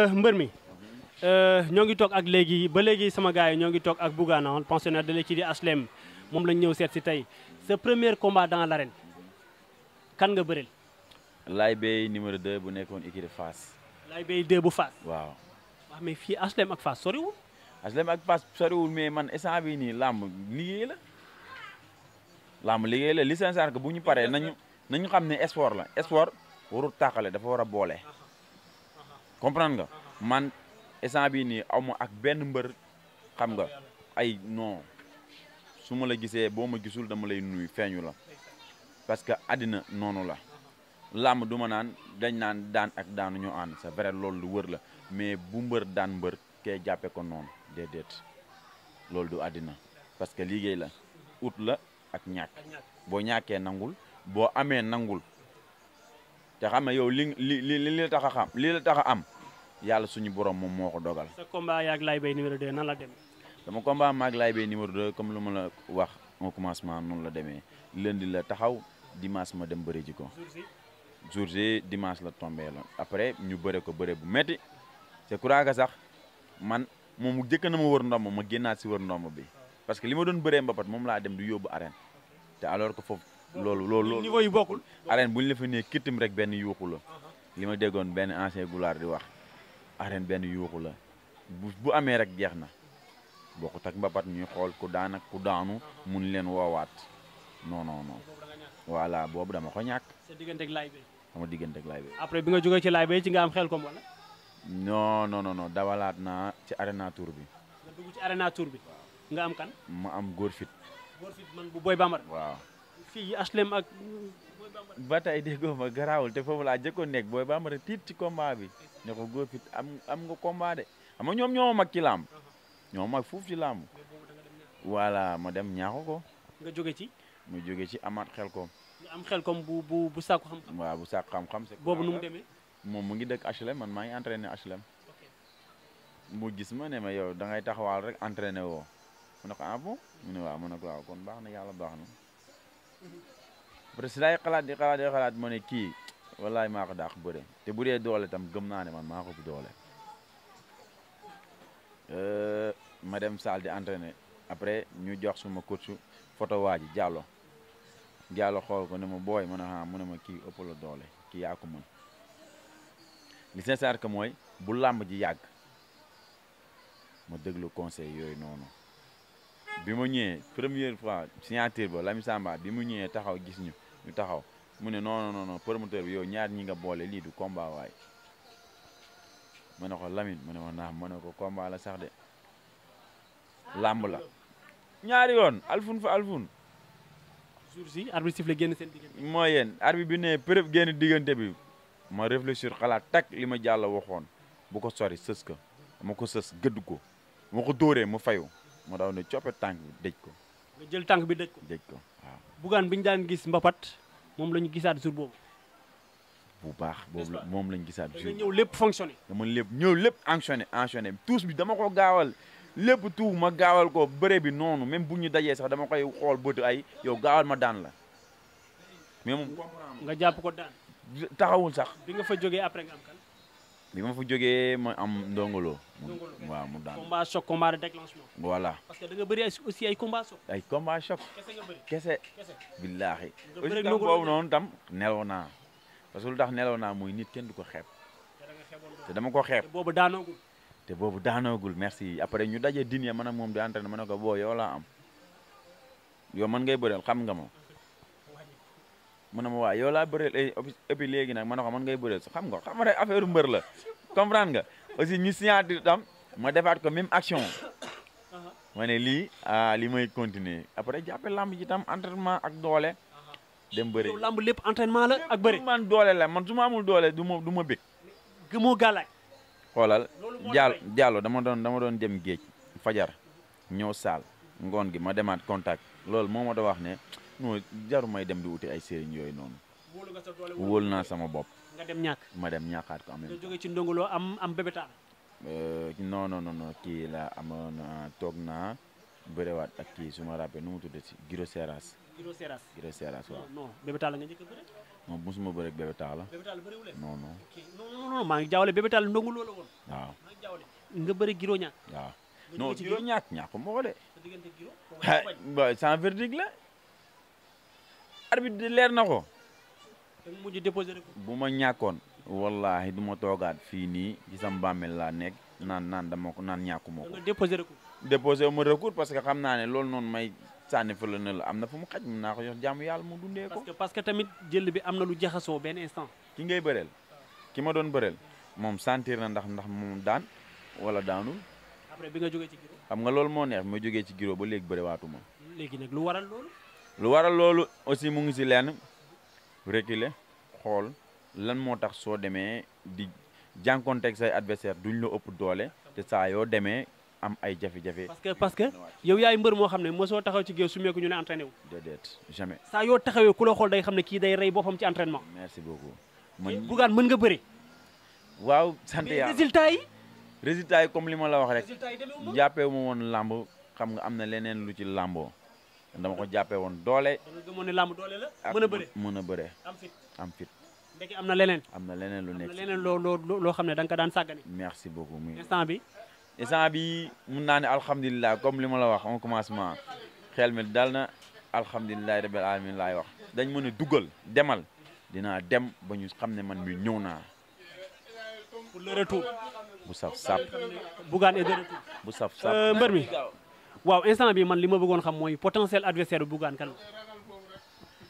Eh, mbër mi eh, ñoo ngi tok ak léegi ba léegi sama gaay yi ñoo ngi toog ak Bougana le ah, pensionnaire de l'équipe HLM mom lañ ñew seet ci tay ce premier combat dans l'arène kan nga beurel lay Bey numéro 2 bu nekkone équipe de Fass. Laye Bey 2 bu face waaw. wax mais fi aslem ak face sori soriwul. aslem ak face sori soriwul mais man instant bi ni lamb liggéey la. lamb liggéey la licence sincère buñu paré nañu nañu xamné sport la sport waru takalé dafa wara bolé ah, ah. comprendre nga man instant bii nii aw ak benn mbër xam nga ay non su ma la gisee boo ma gisul dama lay nuyu feeñu la parce que àddina noonu la làmb du ma naan dañ naan daan ak daanu ñoo ànd c'est vrai loolu lu wër la mais bu mbër daan mbër kee jàppe ko noonu déedéet loolu du àddina parce que liggéey la ut la ak ñàkk boo ñàkkee nangul boo amee nangul te xam ne yow li li li la tax a xam li la tax a am yàlla suñu borom moom moo ko dogal. sa combat yaag Laye Baye numéro 2 nan la demee. sama combat maag lay Baye numéro 2 comme lu ma la wax au commencement noonu la demee lundi la taxaw dimanche ma dem bëri ji ko. jour J dimanche la tombé la après ñu bëre ko bëre bu métti te kuraaga sax man moom jëkk na ma wër ndomb ma génnaat si wër ndomb bi parce que li ma doon bëree mbapat moom laa dem du yóbbu arène te alors ko foofu. loolu loolu loolu niveau yi bokkul. arène bu ñu la fa rek benn yuuxu la li ma déggoon benn ancien goulaar di wax arène benn yuuxu la bu bu amee rek jeex na bokkut ak mbapat ñuy xool ku daan ak ku daanu mun leen woowaat non non boobu dama ko ñàkk. sa diggante laay bi. sama diggante ak bi. après bi nga jógee ci laay bi ci nga am xel kom wala. non non dawalaat naa ci arena bi. nga bi. nga am kan. ma am góor fit. góor fit man bu waaw. fii HLM ak. ba tey déggoo ma garaawul te foofu laa jëkkoon nekk booy ma tiit ci combat bi ne ko góor am am nga komba de xam nga ñoom ñoo mag ci làmb ñoo mag fuuf ci làmb wala ma dem ñaaxu ko. jóge ci. mu jóge ci amaat xel koom. am xel koom bu bu bu sàkku xam bu sàkku xam-xam. boobu nu mu moom mu ngi dëkk HLM man maa ngi entraîné HLM. mu gis ma ne ma yow da ngay taxawaal rek entraîné woo mu ne ko ah bon mu ne waaw mu ne ko waaw kon baax na yàlla baax na. parce que daay xalaat di xalaat di xalaat ma ne kii wallaay maa ko dàq bëre te bu dee doole tam gëm naa ne man maa ko bu doole euh, ma dem salle di entraîner après ñu jox suma coach photo waa ji Diallo Diallo xool ko ne ma booy ma ne ah mu ma kii ëpp doole kii yaa mën li sincère que mooy bu làmb ji yàgg ma déglu conseil yooyu noonu bi ma ñëwee première fois signature ba Lamine Samba bi mu ñëwee taxaw gis ñu ñu taxaw mu ne non non non promoteur bi yow ñaar ñi nga boole lii du combat waay ma ne ko Lamine ma ne ko naam ma ne ko combat la sax de làmb la. ñaari yoon alfun fa alfun. jour si arbitre sifflé génn seen diggante. moo yéen arbitre bi ne preuve génn diggante bi ma réfléchir xalaat tak li ma jàll waxoon bu ko sori sës ka ma ko sës gëdd ko ma ko dóoree ma fayu. ma daw ne coppe tànk bi dëj ko. nga jël tànk bi dëj ko dëj ko waaw. bugaan bi ñu daan gis mbapat moom la ñu gisaat jour boobu. bu baax boobu moom lañ gisaat jour ñëw lépp fonctionné. dama lépp ñëw lépp fonctionné fonctionné tous bi dama ko gaawal lépp tuuf ma gaawal ko bëre bi noonu même bu ñu dajee sax dama koy xool bëtu ay yow gaawal ma daan la mais moom. nga jàpp ko daan. taxawul sax. bi nga fa jógee après nga bi ma fa jógee ma am ndongolo. ndongolo waaw mu daan combat choc combat parce que da nga bëri aussi ay combat choc. ay combat kese nga bëri kese. kese billaahi. nga boobu noonu tam neloo naa parce que lu tax neloo naa mooy nit kenn du ko xeeb. te dama ko xeeb te boobu daanoogul. te boobu daanoogul merci après ñu daje din ya man ak moom di entraîné na ne ko boo yow laa am yow man ngay bëreel xam nga ma. mana mau ayo lah beri laa bëreel et puis léegi nag ma ne ko man ngay bëreel xam nga xam nga affaire mbër la comprendre nga aussi tam ma defaat ko même action mana li ah li may continuer après jàppe lamb ji tam entraînement ak doole dem bëri lamb lépp entraînement la ak bëri man doole la man su ma amul doole du ma du ma bég gëmoo gàllaaj xoolal dama don dama don dem gate, fajar nyosal, saal ngoon gi ma demat contact lol moo ma No, jaru may dem di wuti ay serigne yoy non wol na sama bop nga dem ñak ma dem ñàkkaat ko. am do joge ci ndongulo am am euh non non non ki la amoon toog naa wat ak ki suma ma nu mu ci Giro Seras. Giro Seras Giro Seras waaw. non bebeta la nga jëk a bëre. non mosuma bëre ak bebeta la. bebeta la le non non. non non ma ngi jaawale bebeta la ndongulo la won wa ma ngi jaawale nga bëre Giro ñak wa non Giro ñak ñak mo de. sa diggante sans verdict la. arbitre di leer na ko. mujj déposé ko. bu ma ñàkkoon. wallaahi du ma toogaat fii nii ci sama bàmmeel laa nekk naan naan dama ko naan ñàkkuma ko. déposé recours. déposé ma recours parce que xam naa ne loolu noonu may sànni fële na la am na fu mu xaj mun naa ko jox jàmm yàlla mu dundee ko. parce que parce que tamit jël bi am na lu jaxasoo benn instant. ki ngay bëreel ki ma doon bëreel moom sentir na ndax ndax moom daan wala daanul. après bi nga jógee ci giro. xam nga loolu moo neex ma jógee ci giro ba léegi bëriwaatuma. léegi nag lu waral lu waral loolu aussi mu ngi si lenn reculer xool lan moo tax soo demee di jànkonteeg say adversaire duñ la ëpp doole te saa yoo demee am ay jafe-jafe. parce que que yow yaay mbër moo xam ne mosoo taxaw ci géew meeku ñu ne entraîné wu. déedéet saa yoo taxawee ku la xool day xam ne kii day rey boppam ci entraînement. merci beaucoup. man eh, bugaan mën nga bëri. waaw sant yàlla résultat yi. résultat comme li ma la wax rek. résultat jàppee mu woon làmb xam nga am na leneen lu ci làmboo. dama jàppee woon doole. dama gëmoon làmb doole a bëre mën a bëre. am fit na leneen. am na leneen lu nekk leneen loo loo xam ne da nga ko daan sàggane. merci beaucoup muy instant bi. instant bi mun naa ne alhamdulilah comme li ma la wax en commencement xel mi dal na alhamdulilah rabil alamin laay wax dañ mën a dugal demal dinaa dem ba ñu xam ne man mi ñëw naa. pour bu saf sap. Bougane est de bu saf sap euh, mbër mi. waaw instant bi man li ma bëggoon xam mooy potentiel adversaire bu Bougane kan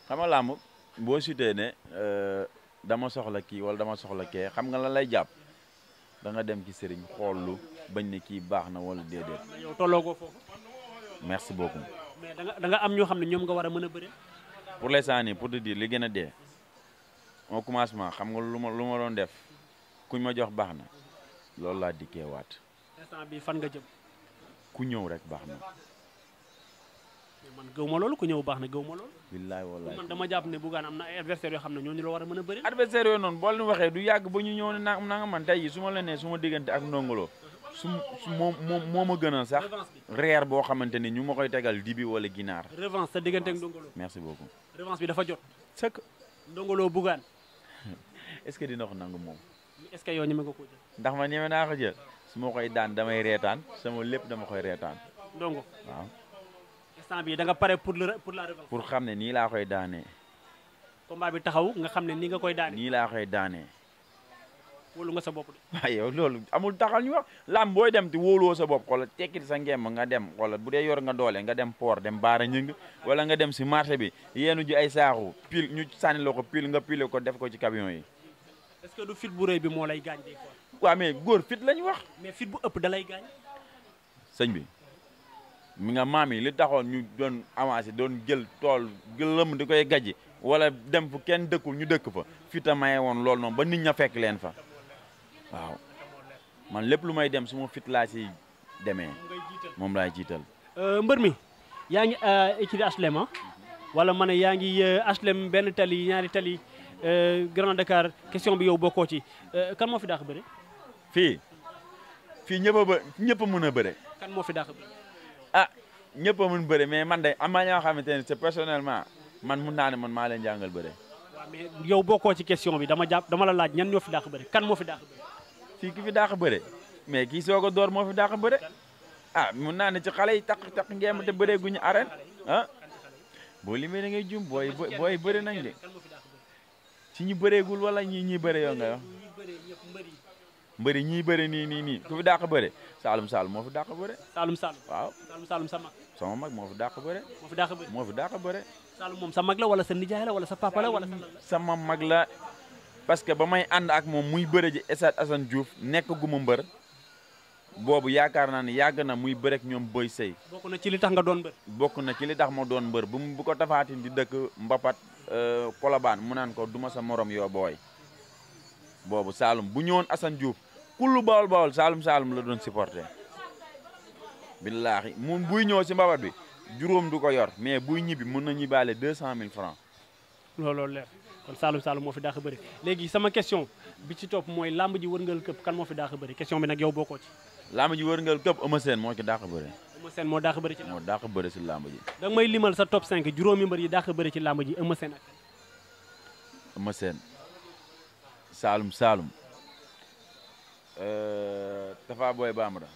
xam nga làmb boo sutee ne euh, dama soxla kii wala dama soxla kee xam nga lan lay jàpp da nga dem ci sëriñ lu bañ ne kii baax na wala déedéet. yow tolloo ko foofu. merci beaucoup. mais da nga da nga am ñoo xam ne ñoom nga war a mën a bëre. pour l'instant nii pour te dire li gën a dee au commencement xam nga lu ma lu ma doon def kuñ ma jox baax na loolu laa dikkee waat. instant bi fan nga jëm. ku ñëw rek baax na. man gëw ma loolu ku ñëw baax na gëw ma loolu. billaay wallaay man dama jàpp ne Bougane am na ay adversaires yoo xam ne ñooñu la war a mën a bëri. adversaires yooyu noonu boo leen waxee du yàgg ba ñu ñëw ne naa nga man tey jii su ma la nee su ma diggante ak ndongolo. su moom moom moo ma gën a sax. reer boo xamante ni ñu ma koy tegal dibi wala ginaar. revanche sa diggante ak ndongolo. merci beaucoup. revanche bi dafa jot. sëkk ndongolo Bougane. est-ce que dina moom. jël suma koy daan damay reetaan sama lepp dama koy reetaan. donc waaw. instant bi da nga paré pour le pour la revanche pour xamné ni la koy daané combat bi taxaw nga xamné ni nga koy daané ni la koy daané wolu nga sa bop de. yow amul taxal ñu wax lam boy dem ti wóoluwoo sa bopp xoolal tekki sa ngem nga dem xoolal bu dee yor nga doole nga dem port dem bara ñing wala nga dem ci marché bi yéenu ji ay saaxu pile ñu sànni ko pile nga pile ko def ko ci camion yi. est-ce que du fit bu rëy bi moo lay gaañ. waaw góor fit lañ wax. mais fit bu ëpp da lay bi mi nga maam yi li taxoon ñu doon avancé doon jël tool gëlëm di koy gajji wala dem fu kenn dëkkul ñu dëkk fa fit a woon loolu noonu ba ña fekk leen fa waaw man lépp lu may dem su fit laa si demee moom laay jiital. Euh, mbër mi yaa ngi euh, ci ah? mhm. ma ne yaa ngi euh, benn tali ñaari tali. Euh, grande Dakar question bi yow bokkoo ci euh, kan moo fi daax bëre. fii fii ñëpp a ba ñëpp a mën a bëre. kan moo fi daax bëre. ah ñëpp a mais man de am na ñoo xamante ne c'est personnellement man mun naa ne man maa leen jàngal bëre. waaw mais yow bokkoo ci question bi dama jàpp dama la laaj ñan ñoo fi daax bëre kan moo fi daax bëre. fii ki fi daax bëre mais kii soog a door moo fi daax bëre ah mun naa ne ci xale yi taq taq ngeen te bëree guñu arène ah boo limee da ngay jum booy booy bëri nañ de. si ñi bëreegul wala ñi ñi bëre yo nga yo mbeuri ñi bëre nii ni ni ku fi dàq bëre salum Saalum mo fi dàq bëre salum Saalum waaw salum salum sama sama mag mo fi dàq bëre mo fi dàq bëre mo fi dàq bëre salum mom sa mag la wala sa nijaay la wala sa papa la wala sama mag la parce que ba may ànd ak mom muy bëre ji Esat Assane Diouf nekk guma mbeur bobu yaakar na ni yag na muy bërek ñom boy sey bokku na ci li tax nga doon mbër na ci li tax mo doon mbeur bu ko tafaatin di dëkk mbapat Kolobaan euh, mu naan ko du ma sa morom yoo booy boobu Saalum bu ñëwoon Assane Diouf kullu bawol bawol Saalum Saalum la doon supporter billaahi mun buy ñëw si mbabat bi juróom du ko yor mais buy ñibbi mun na ñibbaale deux cent mille francs loolu leer kon Saalum Saalum moo fi daax a bëri léegi sama question bi ci topp mooy làmb ji wërngal këpp kan moo fi daax a bëri question bi nag yow bokkoo ci. làmb ji wërngal këpp Eumeu moo ci daax a Eumeu Sène moo dàq bëri ci làmb moo dàq bëri ci limal sa top 5 juróomi mbër yi dàq bëri ci làmb ji Eumeu Sène ak. Eumeu Sène Saalum Saalum euh, Tafa Boy Bambara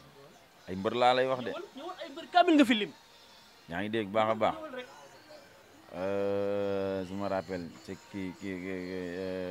ay mbër laa lay wax de. ñëwal ay mbër kaamil nga fi lim. ñaa ngi dégg baax a baax.